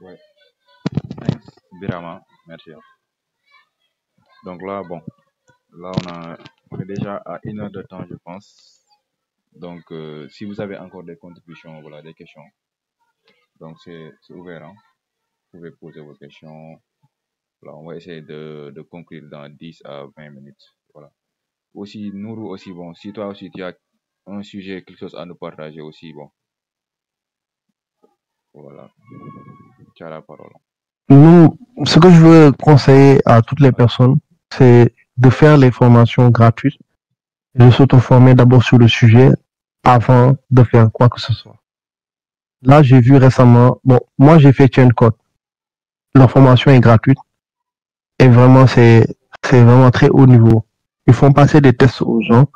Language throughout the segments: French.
Ouais. merci, Birama. Merci. Hein. Donc là, bon, là, on, a, est déjà à une heure de temps, je pense. Donc, euh, si vous avez encore des contributions, voilà, des questions, donc c'est ouvert. Hein. Vous pouvez poser vos questions. Là, on va essayer de, de conclure dans 10 à 20 minutes. Voilà. Aussi, Nourou aussi, bon, si toi aussi tu as un sujet, quelque chose à nous partager aussi, bon. Voilà la parole. Nous, ce que je veux conseiller à toutes les personnes, c'est de faire les formations gratuites de s'auto-former d'abord sur le sujet avant de faire quoi que ce soit. Là, j'ai vu récemment, bon, moi j'ai fait Code. La formation est gratuite et vraiment c'est c'est vraiment très haut niveau. Ils font passer des tests aux gens,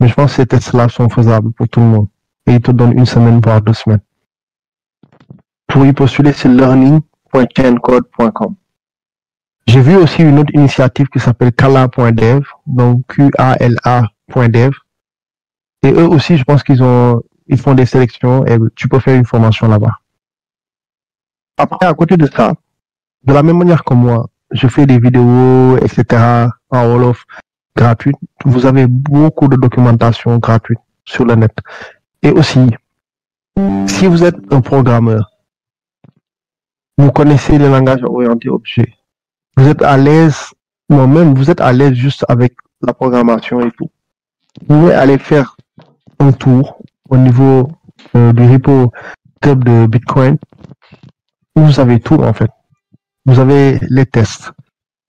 mais je pense que ces tests-là sont faisables pour tout le monde. Et ils te donnent une semaine, voire deux semaines. Pour y postuler, c'est learning.chaincode.com. J'ai vu aussi une autre initiative qui s'appelle Kala.dev, donc Q-A-L-A.dev. Et eux aussi, je pense qu'ils ont, ils font des sélections et tu peux faire une formation là-bas. Après, à côté de ça, de la même manière que moi, je fais des vidéos, etc., en all-off, gratuite. Vous avez beaucoup de documentation gratuite sur le net. Et aussi, si vous êtes un programmeur, vous connaissez les langages orientés objets. Vous êtes à l'aise, moi-même, vous êtes à l'aise juste avec la programmation et tout. Vous pouvez aller faire un tour au niveau euh, du repo GitHub de Bitcoin. Vous avez tout, en fait. Vous avez les tests.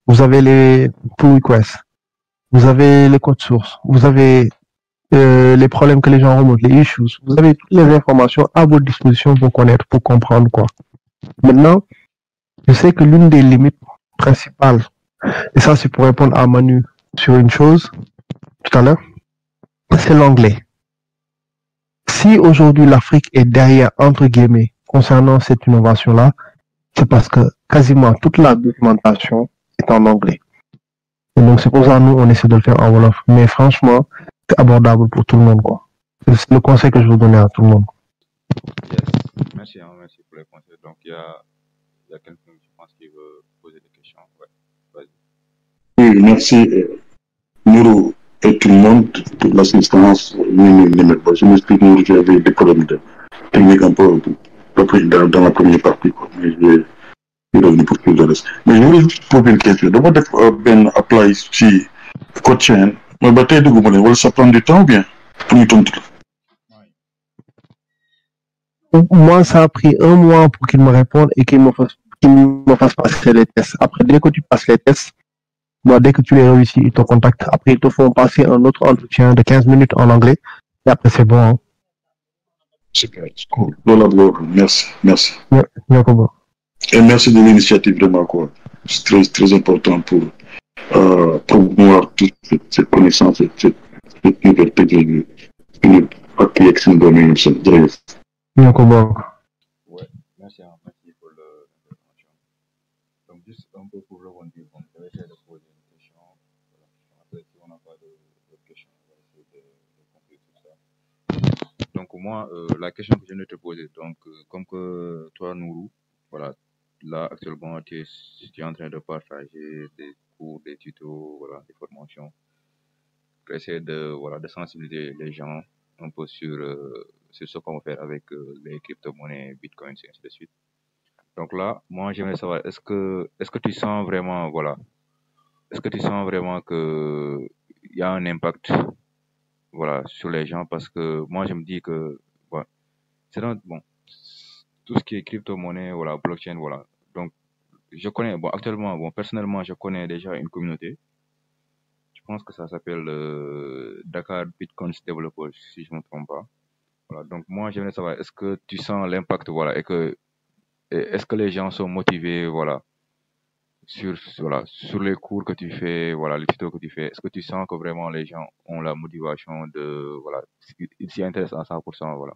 Vous avez les pull requests. Vous avez les codes sources. Vous avez euh, les problèmes que les gens remontent, les issues. Vous avez toutes les informations à votre disposition pour connaître, pour comprendre, quoi. Maintenant, je sais que l'une des limites principales, et ça c'est pour répondre à Manu sur une chose tout à l'heure, c'est l'anglais. Si aujourd'hui l'Afrique est derrière, entre guillemets, concernant cette innovation-là, c'est parce que quasiment toute la documentation est en anglais. Et donc c'est pour ça que nous, on essaie de le faire en Wolof. Mais franchement, c'est abordable pour tout le monde. C'est le conseil que je vous donner à tout le monde. Merci, hein. merci donc, il y a, quelqu'un, pense, veut poser des questions. Oui, merci, Nous, euh, et tout le monde, l'assistance. Je m'explique, j'avais des problèmes dans, la première partie. Mais je vais pour reste. Mais je voulais poser une question. D'abord, euh, Ben ça prend du temps bien moi, ça a pris un mois pour qu'ils me répondent et qu'ils me, fassent, qu'ils me fassent passer les tests. Après, dès que tu passes les tests, moi, dès que tu les réussis, ils te contactent. Après, ils te font passer un autre entretien de 15 minutes en anglais. Et après, c'est bon. Hein. Super, cool. Voilà, Merci, merci. beaucoup. et merci de l'initiative, vraiment, quoi. C'est très, très important pour euh, promouvoir toutes ces connaissances, cette liberté de, de, de, ñoo ko ouais là c'est un match qui faut le donc juste un peu pour rebondir on va essayer de poser une question voilà après si on n'a pas d'autres questions on va essayer de, de conclure tout ça. donc moi euh, la question que je viens de te poser donc euh, comme que toi Nourou voilà là actuellement tu es, tu es en train de partager des cours des tutos voilà des formations pour essayer de voilà de sensibiliser les gens un peu sur euh, c'est ce qu'on va faire avec euh, les crypto-monnaies, Bitcoin, et ainsi de suite. Donc là, moi, j'aimerais savoir, est-ce que, est-ce que tu sens vraiment, voilà, est-ce que tu sens vraiment que il y a un impact, voilà, sur les gens parce que moi, je me dis que, bon, c'est bon, tout ce qui est crypto-monnaie, voilà, blockchain, voilà. Donc, je connais, bon, actuellement, bon, personnellement, je connais déjà une communauté. Je pense que ça s'appelle euh, Dakar Bitcoin Developers, si je ne me trompe pas donc moi, j'aimerais savoir, est-ce que tu sens l'impact, voilà, et que est-ce que les gens sont motivés, voilà, sur, voilà, sur les cours que tu fais, voilà, les tutos que tu fais, est-ce que tu sens que vraiment les gens ont la motivation de, voilà, ils s'y intéressent à 100%, voilà.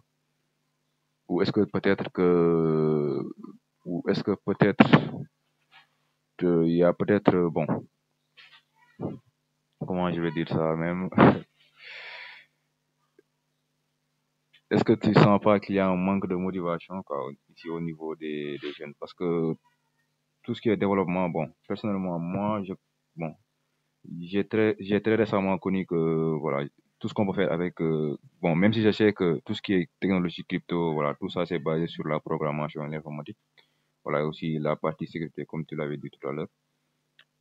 Ou est-ce que peut-être que, ou est-ce que peut-être, il y a peut-être, bon, comment je vais dire ça même Est-ce que tu sens pas qu'il y a un manque de motivation quoi, ici au niveau des, jeunes Parce que tout ce qui est développement, bon, personnellement, moi, je, bon, j'ai très, j'ai très récemment connu que, voilà, tout ce qu'on peut faire avec, euh, bon, même si je sais que tout ce qui est technologie crypto, voilà, tout ça, c'est basé sur la programmation informatique, Voilà, aussi la partie sécurité, comme tu l'avais dit tout à l'heure.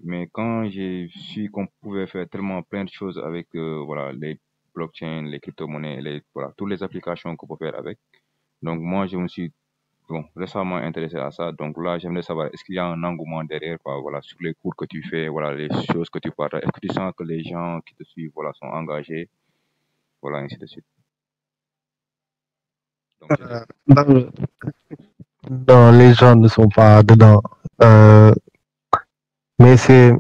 Mais quand j'ai su qu'on pouvait faire tellement plein de choses avec, euh, voilà, les blockchain, les crypto-monnaies, voilà, toutes les mm. applications qu'on peut faire avec. Donc, moi, je me suis bon, récemment intéressé à ça. Donc là, j'aimerais savoir, est-ce qu'il y a un engouement derrière, voilà, sur les cours que tu fais, voilà, les choses que tu parles. Est-ce que tu sens que les gens qui te suivent, voilà, sont engagés, voilà, ainsi de suite. non, euh, les gens ne sont pas dedans. Euh, mais c'est,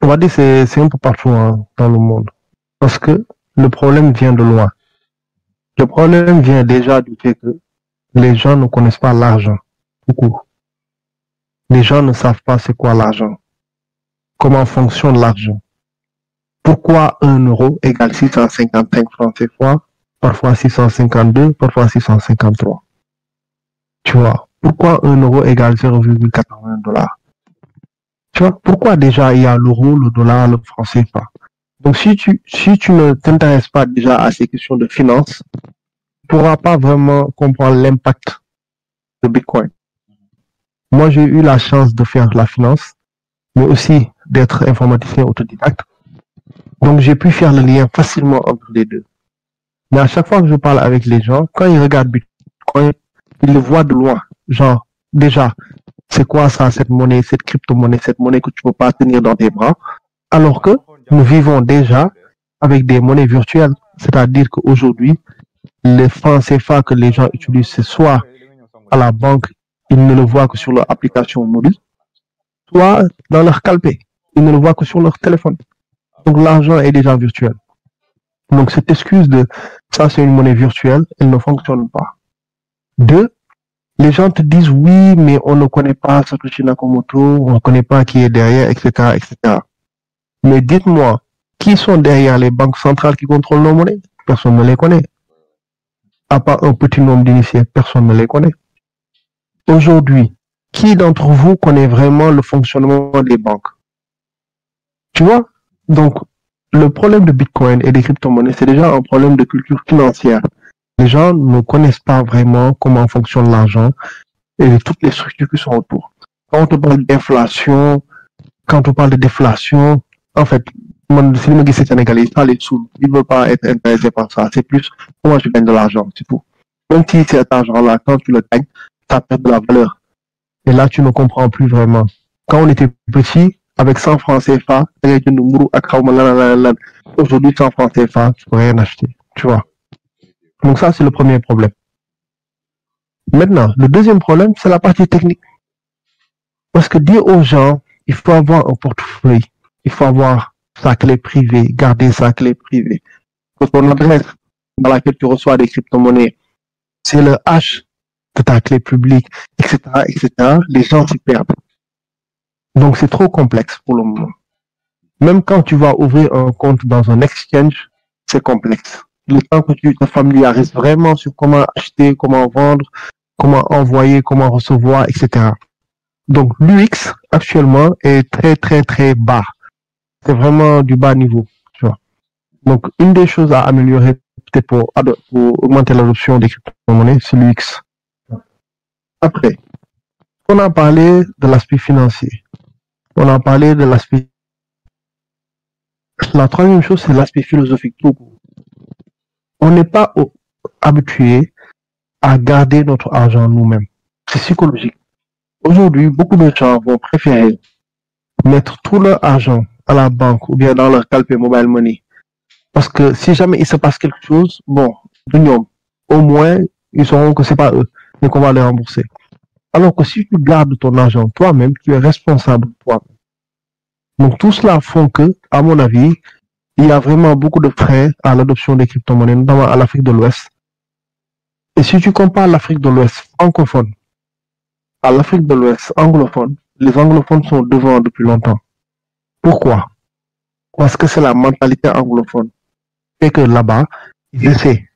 on va dire, c'est un peu partout hein, dans le monde. Parce que le problème vient de loin. Le problème vient déjà du fait que les gens ne connaissent pas l'argent. Beaucoup. Les gens ne savent pas c'est quoi l'argent. Comment fonctionne l'argent. Pourquoi 1 euro égale 655 francs CFA, parfois 652, parfois 653. Tu vois, pourquoi 1 euro égale 0,80 dollars. Tu vois, pourquoi déjà il y a l'euro, le dollar, le franc CFA. Donc, si tu, si tu ne t'intéresses pas déjà à ces questions de finance, tu pourras pas vraiment comprendre l'impact de Bitcoin. Moi, j'ai eu la chance de faire la finance, mais aussi d'être informaticien autodidacte. Donc, j'ai pu faire le lien facilement entre les deux. Mais à chaque fois que je parle avec les gens, quand ils regardent Bitcoin, ils le voient de loin. Genre, déjà, c'est quoi ça, cette monnaie, cette crypto-monnaie, cette monnaie que tu peux pas tenir dans tes bras. Alors que nous vivons déjà avec des monnaies virtuelles. C'est-à-dire qu'aujourd'hui, les francs CFA que les gens utilisent c'est soit à la banque, ils ne le voient que sur leur application mobile, soit dans leur calpé. Ils ne le voient que sur leur téléphone. Donc l'argent est déjà virtuel. Donc cette excuse de ça c'est une monnaie virtuelle, elle ne fonctionne pas. Deux, les gens te disent oui, mais on ne connaît pas Satoshi Nakamoto, on ne connaît pas qui est derrière, etc., etc. Mais dites-moi, qui sont derrière les banques centrales qui contrôlent nos monnaies Personne ne les connaît. À part un petit nombre d'initiés, personne ne les connaît. Aujourd'hui, qui d'entre vous connaît vraiment le fonctionnement des banques Tu vois Donc, le problème de Bitcoin et des crypto-monnaies, c'est déjà un problème de culture financière. Les gens ne connaissent pas vraiment comment fonctionne l'argent et toutes les structures qui sont autour. Quand on parle d'inflation, quand on parle de déflation, en fait, mon si qui est sénégalais, ça les sous. Il ne veut pas être intéressé par ça. C'est plus moi, je gagne de l'argent, c'est tout. Même si cet argent-là, quand tu le gagnes, ça perd de la valeur. Et là, tu ne comprends plus vraiment. Quand on était petit, avec 100 francs CFA, aujourd'hui, 100 francs CFA, tu peux rien acheter. Tu vois. Donc ça, c'est le premier problème. Maintenant, le deuxième problème, c'est la partie technique. Parce que dire aux gens, il faut avoir un portefeuille il faut avoir sa clé privée, garder sa clé privée. Pour ton adresse dans laquelle tu reçois des crypto-monnaies, c'est le H de ta clé publique, etc., etc., les gens s'y perdent. Donc, c'est trop complexe pour le moment. Même quand tu vas ouvrir un compte dans un exchange, c'est complexe. Le temps que tu te familiarises vraiment sur comment acheter, comment vendre, comment envoyer, comment recevoir, etc. Donc, l'UX, actuellement, est très, très, très bas c'est vraiment du bas niveau. Tu vois. Donc, une des choses à améliorer peut-être pour, augmenter l'adoption des crypto-monnaies, c'est l'UX. Après, on a parlé de l'aspect financier. On a parlé de l'aspect... La troisième chose, c'est l'aspect philosophique. On n'est pas habitué à garder notre argent nous-mêmes. C'est psychologique. Aujourd'hui, beaucoup de gens vont préférer mettre tout leur argent à la banque ou bien dans leur calpé mobile money. Parce que si jamais il se passe quelque chose, bon, au moins, ils sauront que c'est pas eux, mais qu'on va les rembourser. Alors que si tu gardes ton argent toi-même, tu es responsable toi-même. Donc tout cela font que, à mon avis, il y a vraiment beaucoup de frais à l'adoption des crypto-monnaies, notamment à l'Afrique de l'Ouest. Et si tu compares l'Afrique de l'Ouest francophone à l'Afrique de l'Ouest anglophone, les anglophones sont devant depuis longtemps. Pourquoi Parce que c'est la mentalité anglophone. Et que là-bas, ils essaient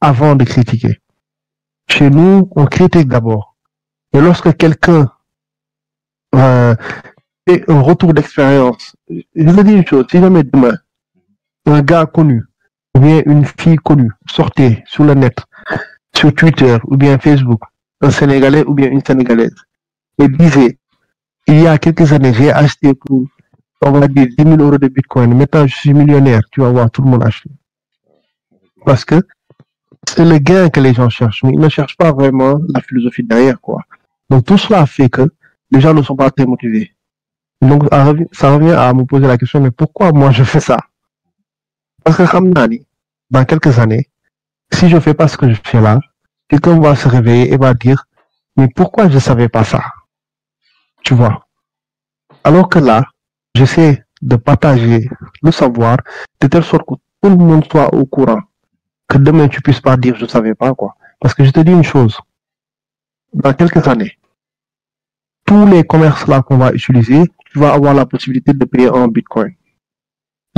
avant de critiquer. Chez nous, on critique d'abord. Et lorsque quelqu'un euh, fait un retour d'expérience, je vous dis une chose, si jamais demain, un gars connu, ou bien une fille connue, sortait sur la net, sur Twitter, ou bien Facebook, un Sénégalais ou bien une Sénégalaise, et disait, il y a quelques années, j'ai acheté pour on va dire 10 000 euros de bitcoin, maintenant je suis millionnaire, tu vas voir tout le monde acheter. Parce que c'est le gain que les gens cherchent, mais ils ne cherchent pas vraiment la philosophie derrière, quoi. Donc tout cela fait que les gens ne sont pas très motivés. Donc ça revient à me poser la question, mais pourquoi moi je fais ça Parce que dans quelques années, si je fais pas ce que je fais là, quelqu'un va se réveiller et va dire, mais pourquoi je savais pas ça Tu vois Alors que là, j'essaie de partager le savoir de telle sorte que tout le monde soit au courant. Que demain, tu puisses pas dire je ne savais pas, quoi. Parce que je te dis une chose. Dans quelques années, tous les commerces là qu'on va utiliser, tu vas avoir la possibilité de payer en bitcoin.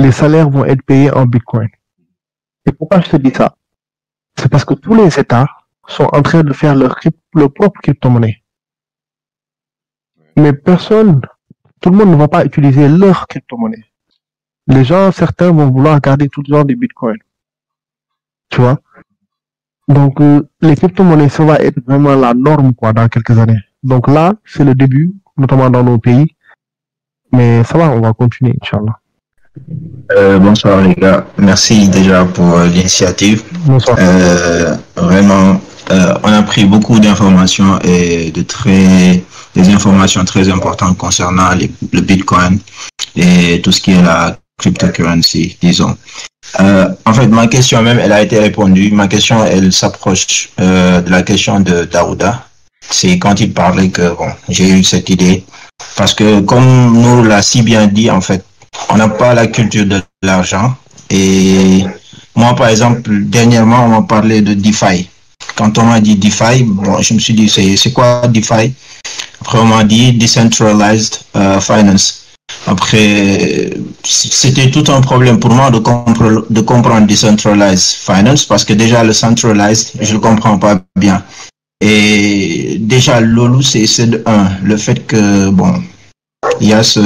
Les salaires vont être payés en bitcoin. Et pourquoi je te dis ça? C'est parce que tous les États sont en train de faire leur, leur propre crypto-monnaie. Mais personne tout le monde ne va pas utiliser leur crypto-monnaie. Les gens, certains vont vouloir garder tout le genre de bitcoin. Tu vois? Donc, euh, les crypto-monnaies, ça va être vraiment la norme, quoi, dans quelques années. Donc là, c'est le début, notamment dans nos pays. Mais ça va, on va continuer, Inch'Allah. Euh, bonsoir les gars, merci déjà pour euh, l'initiative. Bonsoir. Euh, vraiment, on a pris beaucoup d'informations et de très, des informations très importantes concernant le Bitcoin et tout ce qui est la cryptocurrency, disons. en fait, ma question même, elle a été répondue. Ma question, elle s'approche de la question de Daouda. C'est quand il parlait que j'ai eu cette idée. Parce que comme nous l'a si bien dit, en fait, on n'a pas la culture de l'argent. Et moi, par exemple, dernièrement, on m'a parlé de DeFi. Quand on m'a dit DeFi, bon, je me suis dit, c'est quoi DeFi Après, on m'a dit Decentralized euh, Finance. Après, c'était tout un problème pour moi de, de comprendre Decentralized Finance parce que déjà, le Centralized, je ne le comprends pas bien. Et déjà, l'OLU, c'est un. Le fait que, bon, il y a ce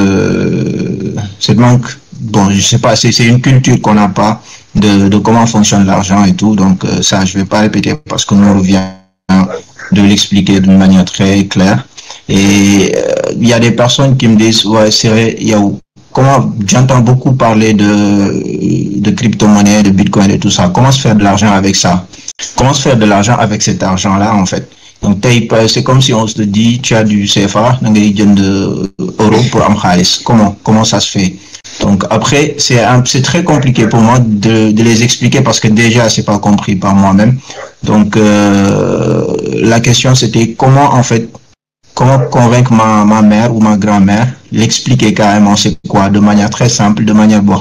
c'est donc, bon, je sais pas, c'est une culture qu'on n'a pas de, comment fonctionne l'argent et tout. Donc, euh, ça, je vais pas répéter parce que qu'on revient de l'expliquer d'une manière très claire. Et euh, il y a des personnes qui me disent, ouais, c'est il y a comment j'entends beaucoup parler de, de crypto-monnaie, de bitcoin et tout ça. Comment se faire de l'argent avec ça Comment se faire de l'argent avec cet argent-là, en fait donc euh, c'est comme si on se dit tu as du CFA da donne euh, de euro pour am comment comment ça se fait donc après c'est c'est très compliqué pour moi de de les expliquer parce que déjà c'est pas compris par moi-même donc euh, la question c'était comment en fait comment convaincre ma mère ou ma grand-mère l'expliquer carrément c'est quoi de manière très simple de manière boo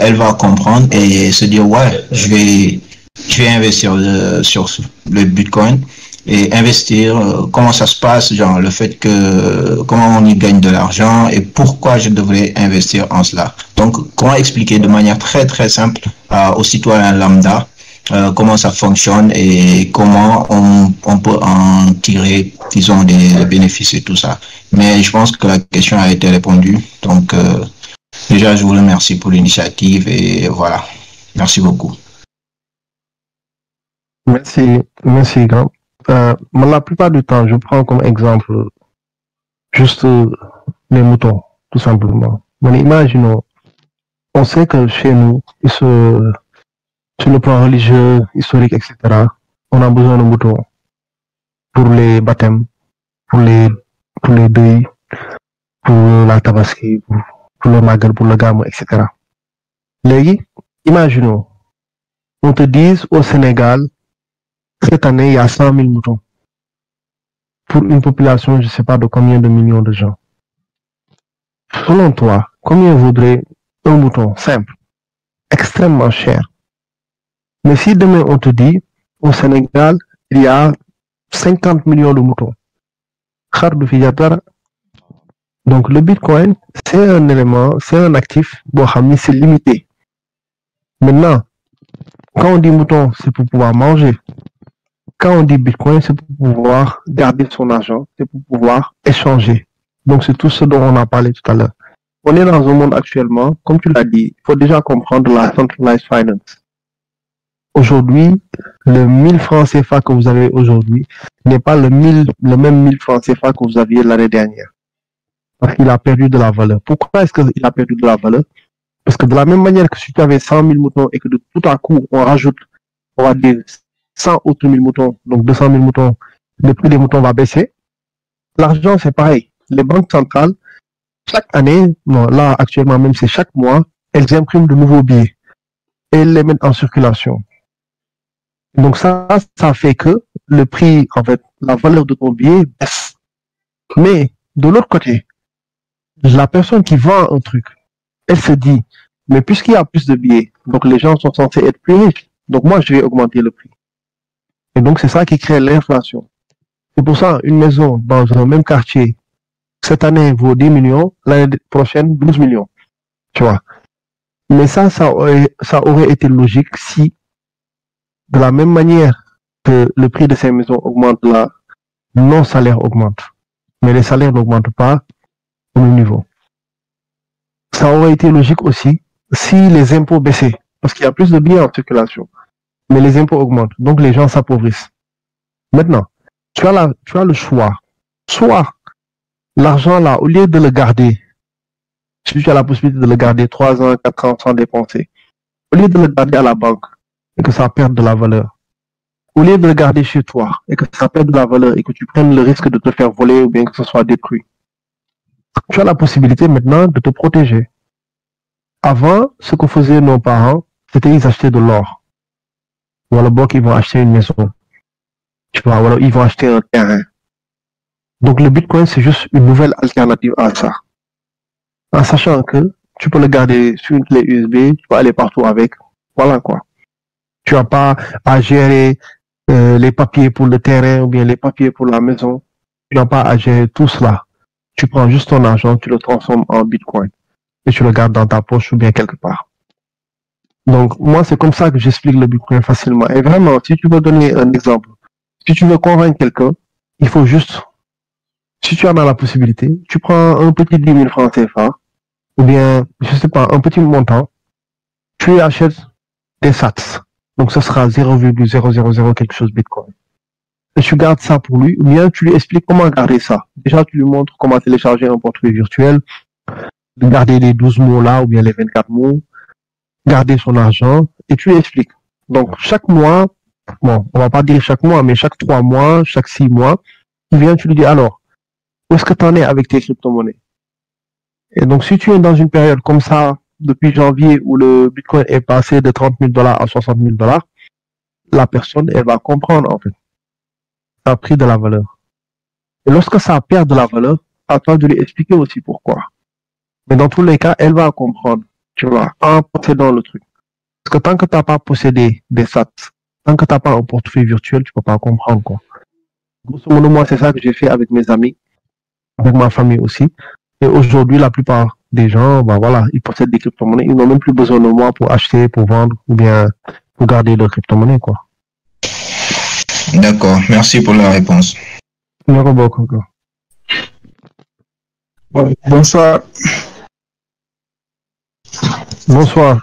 elle va comprendre et se dire ouais je vais je vais investir euh, sur le Bitcoin et investir, euh, comment ça se passe, genre le fait que, comment on y gagne de l'argent et pourquoi je devrais investir en cela. Donc, comment expliquer de manière très très simple euh, aux citoyens lambda comment ça fonctionne et comment on, on, peut en tirer, disons, des bénéfices et tout ça. Mais je pense que la question a été répondue. Donc, euh, déjà, je vous remercie pour l'initiative et voilà. Merci beaucoup. Merci, merci, grand. Euh, la plupart du temps, je prends comme exemple juste euh, les moutons, tout simplement. Mais imaginons, on sait que chez nous, ils sur le plan religieux, historique, etc., on a besoin de moutons pour les baptêmes, pour les, pour les deuils, pour euh, la tabaski, pour, le magal, pour le gamme, etc. Légui, imaginons, on te dise au Sénégal, cette année, il y a 100 000 moutons. Pour une population, je ne sais pas de combien de millions de gens. Selon toi, combien vaudrait un mouton simple Extrêmement cher. Mais si demain on te dit, au Sénégal, il y a 50 millions de moutons. Donc le Bitcoin, c'est un élément, c'est un actif, c'est limité. Maintenant, quand on dit mouton, c'est pour pouvoir manger quand on dit Bitcoin, c'est pour pouvoir garder son argent, c'est pour pouvoir échanger. Donc, c'est tout ce dont on a parlé tout à l'heure. On est dans un monde actuellement, comme tu l'as dit, il faut déjà comprendre la centralized finance. Aujourd'hui, le 1000 francs CFA que vous avez aujourd'hui n'est pas le, 1000, le même 1000 francs CFA que vous aviez l'année dernière. Parce qu'il a perdu de la valeur. Pourquoi est-ce qu'il a perdu de la valeur Parce que de la même manière que si tu avais 100 000 moutons et que de tout à coup, on rajoute, on va dire 100 autres 000 moutons, donc 200 000 moutons, le prix des moutons va baisser. L'argent, c'est pareil. Les banques centrales, chaque année, non, là actuellement même c'est chaque mois, elles impriment de nouveaux billets et les mettent en circulation. Donc ça, ça fait que le prix, en fait, la valeur de ton billet baisse. Mais de l'autre côté, la personne qui vend un truc, elle se dit, mais puisqu'il y a plus de billets, donc les gens sont censés être plus riches, donc moi je vais augmenter le prix. Et donc, c'est ça qui crée l'inflation. C'est pour ça, une maison dans un même quartier, cette année vaut 10 millions, l'année prochaine, 12 millions. Tu vois. Mais ça, ça aurait, été logique si, de la même manière que le prix de ces maisons augmente, là, nos salaires augmentent. Mais les salaires n'augmentent pas au même niveau. Ça aurait été logique aussi si les impôts baissaient, parce qu'il y a plus de biens en circulation mais les impôts augmentent. Donc les gens s'appauvrissent. Maintenant, tu as, tu as le choix. Soit l'argent là, au lieu de le garder, si tu as la possibilité de le garder 3 ans, 4 ans sans dépenser, au lieu de le garder à la banque et que ça perde de la valeur, au lieu de le garder chez toi et que ça perde de la valeur et que tu prennes le risque de te faire voler ou bien que ce soit détruit, tu as la possibilité maintenant de te protéger. Avant, ce que faisaient nos parents, c'était ils achetaient de l'or ou alors ils vont acheter une maison. Tu vois, ils vont acheter un terrain. Donc le Bitcoin, c'est juste une nouvelle alternative à ça. En sachant que tu peux le garder sur une clé USB, tu peux aller partout avec. Voilà quoi. Tu n'as pas à gérer euh, les papiers pour le terrain ou bien les papiers pour la maison. Tu n'as pas à gérer tout cela. Tu prends juste ton argent, tu le transformes en Bitcoin et tu le gardes dans ta poche ou bien quelque part. Donc, moi, c'est comme ça que j'explique le Bitcoin facilement. Et vraiment, si tu veux donner un exemple, si tu veux convaincre quelqu'un, il faut juste, si tu en as la possibilité, tu prends un petit 10 000 francs CFA, ou bien, je sais pas, un petit montant, tu achètes des sats. Donc, ce sera 0,000 quelque chose Bitcoin. Et tu gardes ça pour lui, ou bien tu lui expliques comment garder ça. Déjà, tu lui montres comment télécharger un portefeuille virtuel, garder les 12 mots là, ou bien les 24 mots, garder son argent et tu expliques. Donc chaque mois, bon, on va pas dire chaque mois, mais chaque trois mois, chaque six mois, il vient, tu lui dis alors, où est-ce que tu en es avec tes crypto-monnaies Et donc si tu es dans une période comme ça, depuis janvier, où le Bitcoin est passé de 30 000 dollars à 60 000 dollars, la personne, elle va comprendre en fait. Ça a pris de la valeur. Et lorsque ça perd de la valeur, à toi de lui expliquer aussi pourquoi. Mais dans tous les cas, elle va comprendre tu vois, en dans le truc. Parce que tant que tu n'as pas possédé des sats, tant que tu n'as pas un portefeuille virtuel, tu ne peux pas comprendre, quoi. Grosso moi, c'est ça que j'ai fait avec mes amis, avec ma famille aussi. Et aujourd'hui, la plupart des gens, bah voilà, ils possèdent des crypto-monnaies. Ils n'ont même plus besoin de moi pour acheter, pour vendre ou bien pour garder leurs crypto-monnaies, quoi. D'accord. Merci pour la réponse. Merci beaucoup. Bonsoir. Bonsoir.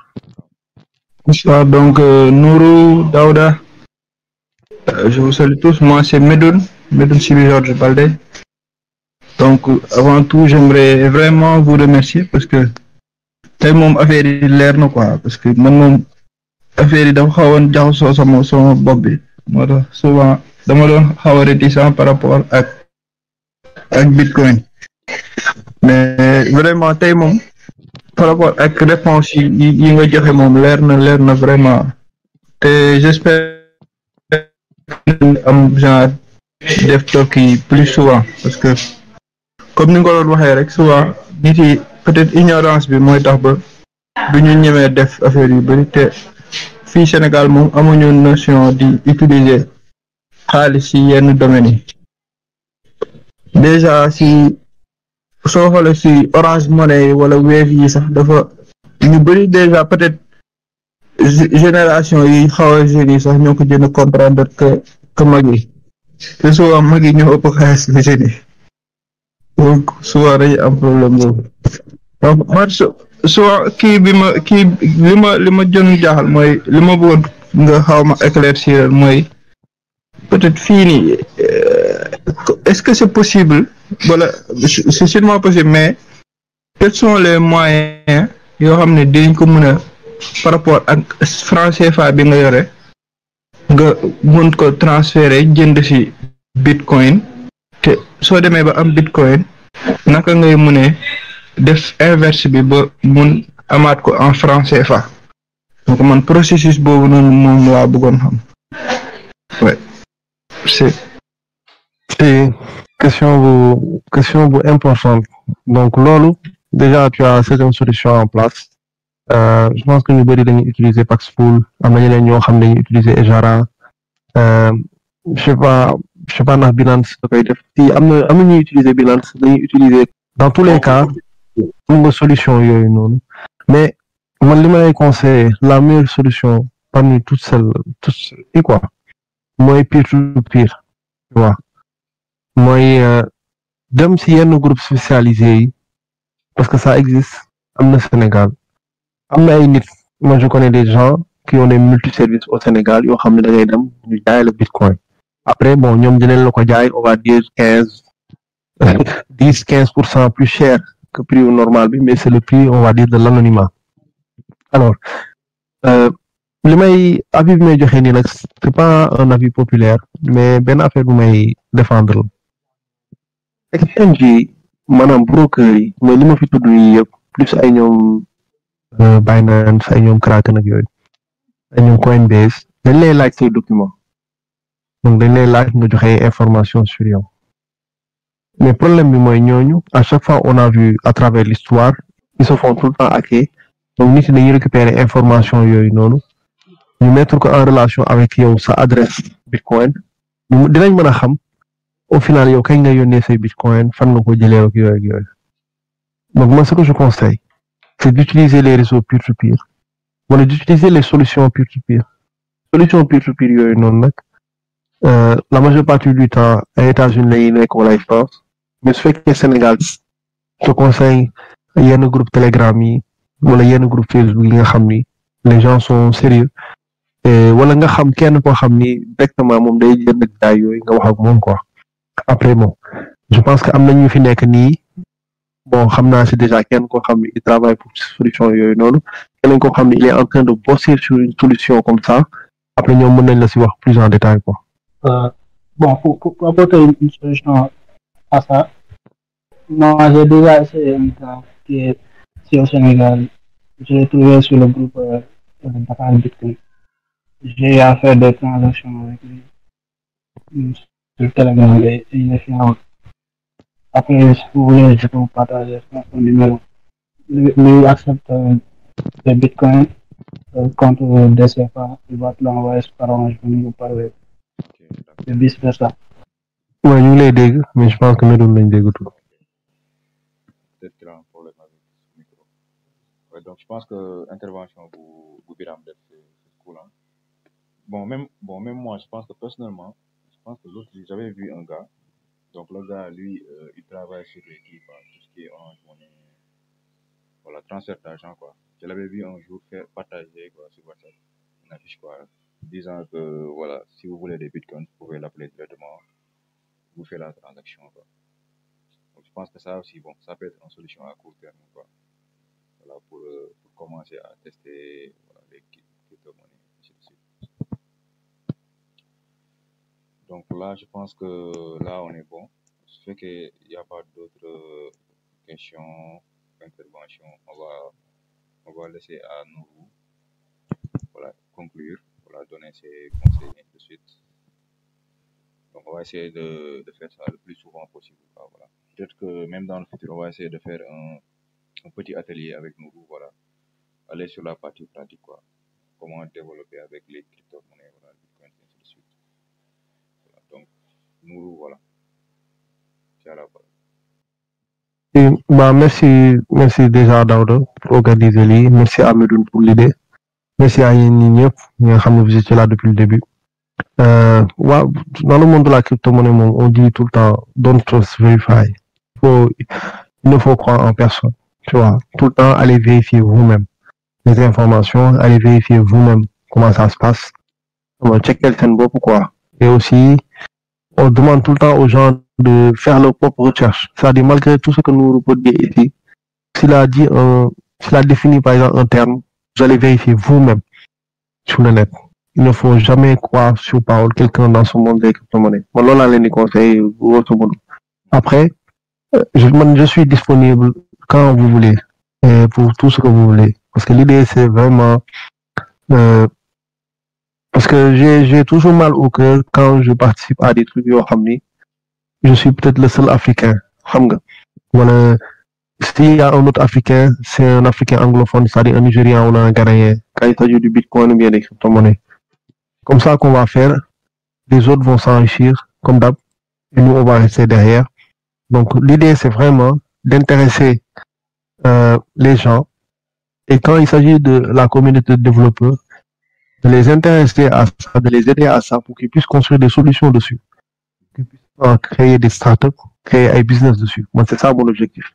Bonsoir, ah, donc euh, Nourou, Daouda, euh, je vous salue tous. Moi, c'est Medoun, Medoun Sibi Georges Baldé. Donc, avant tout, j'aimerais vraiment vous remercier parce que tellement affaire yi leer quoi parce que mon affaire yi dafa xawoon jaxasoo sama sama bopp bi moo souvent dama doon xaw a réticent par rapport à bitcoin mais vraiment tellement par rapport ak réponse yi yi nga joxe moom leer na leer na vraiment te j'espère am genre def toog yi plus souvent parce que comme ni nga doon waxee rek souvent nit yi peut-être ignorance bi mooy tax ba du ñu ñemee def affaire yu te fii Sénégal moom amuñu notion di utiliser xaalis ci yenn yi déjà si soo xoolee si Orange wala Wave yi sax dafa ñu bëri déjà peut-être génération yi xaw a jeunes yi sax ñoo ko jënd comprendre que que yi te souvent mag yi ñoo ëpp xaalis que jeunes yi donc souvent dañuy am problème boobu donc man souvent kii bi ma kii li ma li ma jon jaaxal mooy li ma bëggoon nga xaw ma éclaircir mooy peut-être fii Euh, est-ce que c'est possible wala c'est sûrement possible mais quels sont les moyens yoo xam ne dinañ ko mën a par rapport ak franc CFA bi nga yore nga mën ko transférer jënd ci bitcoin te soo demee ba am bitcoin naka ngay mënee def inverse bi ba mun amaat ko en franc CFA donc man processus boobu noonu moom laa bëggoon xam ouais C'est question question importante donc lolo déjà tu as certaines solutions en place euh, je pense que nous bëri utiliser Paxful am na ñeneen utiliser Ejara euh, je sais pas je sais pas Bilance, Binance da koy def si am utiliser Bilance, dañuy utiliser dans tous les cas une nga solution yooyu noonu mais man li ma lay conseiller la meilleure solution parmi toutes celles toutes et quoi moi pire, pire pire tu vois mais euh, dem ci yenn groupe spécialisé parce que ça existe am Sénégal am ay nit moi je connais des gens qui ont des multiservices au Sénégal yoo xam ne da ngay dem ñu jaay la bitcoin après bon ñoom dinañ la jaay on va dire 15%, 10-15% plus cher que prix normal bi mais c'est le prix on va dire de l'anonymat alors euh, li may avis bi may pas un avis populaire mais benn affaire bu may défendre exchange yi maanaam broker yi mooy li ma fi tudd yi yëpp plus ay ñoom euh, Binance ay ñoom Kraken ak yooyu ay ñoom Coinbase dañ lay laaj say document donc dañ lay laaj nga joxe information sur yow mais problème bi mooy ñooñu à chaque fois on a vu à travers l'histoire ils se font tout le temps hacker donc nit ñi dañuy récupérer information yooyu noonu ñu mettre ko en relation avec yow sa adresse Bitcoin dinañ mën a xam au final yow kañ nga yónnee say bitcoin fan nga ko jëlee ak yoy ak yoy donc moi ce que je conseille c'est d'utiliser les réseaux peer-to-peer wala d'utiliser les solutions peer-to-peer solutions peer-to-peer non nak euh, la majeure partie du temps ay États-Unis la ñuy wala ay France mais fait fekkee Sénégal je conseille yenn groupe Telegram yi wala yenn groupe Facebook yi nga xamni les gens sont sérieux wala nga xam kenn ko xamni directement mom day jënd jaay yoy nga wax ak mom quoi après bon je pense que am na fi bon comme c'est déjà quelqu'un qui travaille pour solution yooyu noonu il est en train de bosser sur une solution comme ça après on va nañ la plus en détail quoi. Euh, bon pour, pour, apporter une, solution à ça moi j'ai déjà essayé un cas qui est au Sénégal je l'ai trouvé sur le groupe euh, Bitcoin j'ai affaire des transactions avec lui sur Telegram et Inefiant. Après, si vous voulez, je peux vous partager son numéro. Lui accepte des bitcoins contre des CFA. Il va te l'envoyer par Orange Money ou par Web. Et vice versa. Oui, nous les lay mais je pense que Medoum lañ déggatul. peut-être qu'il a un problème avec ce micro. Ouais, donc je pense que intervention bu bu Biram def c'est cool hein. Bon même bon même moi je pense que personnellement pense que j'avais vu un gars. Donc le gars, lui, euh, il travaille sur l'équipe, hein, tout ce qui est en Voilà, transfert d'argent, quoi. Je l'avais vu un jour faire partager, quoi, sur WhatsApp. Une affiche, quoi, disant que, voilà, si vous voulez des bitcoins, vous pouvez l'appeler directement, vous faites la transaction, quoi. Donc je pense que ça aussi, bon, ça peut être une solution à court terme, quoi. Voilà, pour, euh, pour commencer à tester Donc là, je pense que là, on est bon. Ce fait qu'il n'y a pas d'autres euh, questions, interventions, on va, laisser à nous voilà, conclure, voilà, donner ses conseils et de suite. Donc on va essayer de, faire ça le plus souvent possible. Peut-être que même dans le futur, on va essayer de faire un, petit atelier avec nous, voilà. Aller sur la partie pratique, Comment développer avec les crypto-monnaies voilà. C'est à Et, bah, merci, merci déjà Daouda pour organiser les, Merci à Medoun pour l'idée. Merci à Yenine, vous étiez là depuis le début. Euh, dans le monde de la crypto-monnaie, on dit tout le temps, don't trust, verify. Il, faut, faut croire en personne. Tu vois, tout le temps, allez vérifier vous-même les informations, allez vérifier vous-même comment ça se passe. On va checker le pourquoi. Et aussi, on demande tout le temps aux gens de faire leur propre recherche. C'est-à-dire, malgré tout ce que nous reproduisons ici, s'il a dit s'il a défini par exemple un terme, vous allez vérifier vous-même sur le net. Il ne faut jamais croire sur parole quelqu'un dans ce monde des crypto-monnaies. Bon, là, on les conseils, votre monde. Après, euh, je, je suis disponible quand vous voulez et pour tout ce que vous voulez. Parce que l'idée, c'est vraiment euh, parce que j'ai toujours mal au cœur quand je participe à des trucs au Hamni. je suis peut-être le seul africain Hamga. Voilà. s'il y a un autre africain c'est un africain anglophone c'est-à-dire un Nigérien ou un Ghanéen quand il s'agit du bitcoin ou bien des crypto-monnaies comme ça qu'on va faire les autres vont s'enrichir comme d'hab et nous on va rester derrière donc l'idée c'est vraiment d'intéresser euh, les gens et quand il s'agit de la communauté de développeurs de les intéresser à ça, de les aider à ça pour qu'ils puissent construire des solutions dessus, qu'ils puissent créer des startups, créer un business dessus. Moi, c'est ça mon objectif.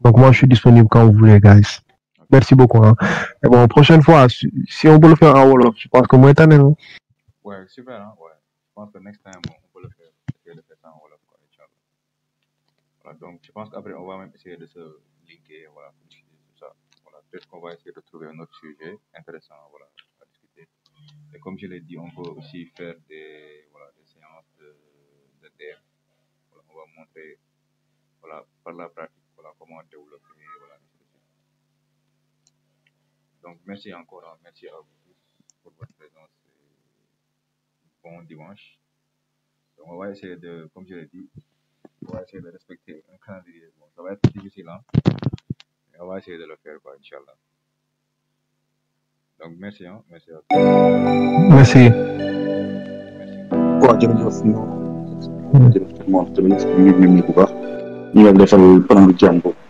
Donc, moi, je suis disponible quand vous voulez, guys. Merci beaucoup. Hein. Et bon, prochaine fois, si, on peut le faire en Wolof, je pense que moi, t'en hein. non Ouais, super, hein, ouais. Je pense que next time, on peut le faire, le faire en Wolof, quoi, Voilà, donc, je pense qu'après, on va même essayer de se linker, voilà, Voilà, peut-être qu'on va essayer de trouver un autre sujet intéressant, voilà comme je l'ai dit, on peut aussi faire des, séances de, de on va montrer par la pratique voilà, comment développer. Voilà, Donc merci encore, hein, merci à vous tous pour votre présence. bon dimanche. on va essayer de, comme je l'ai dit, on va essayer de respecter un calendrier. Bon, ça va être difficile, hein? on va essayer de le faire, Inch'Allah. donc merci ah merci. merci. waaw jërëjëf ñoom. jërëjëf ñoom tamit ñu ngi leen di bu baax. ñu ngi leen di defal plan bu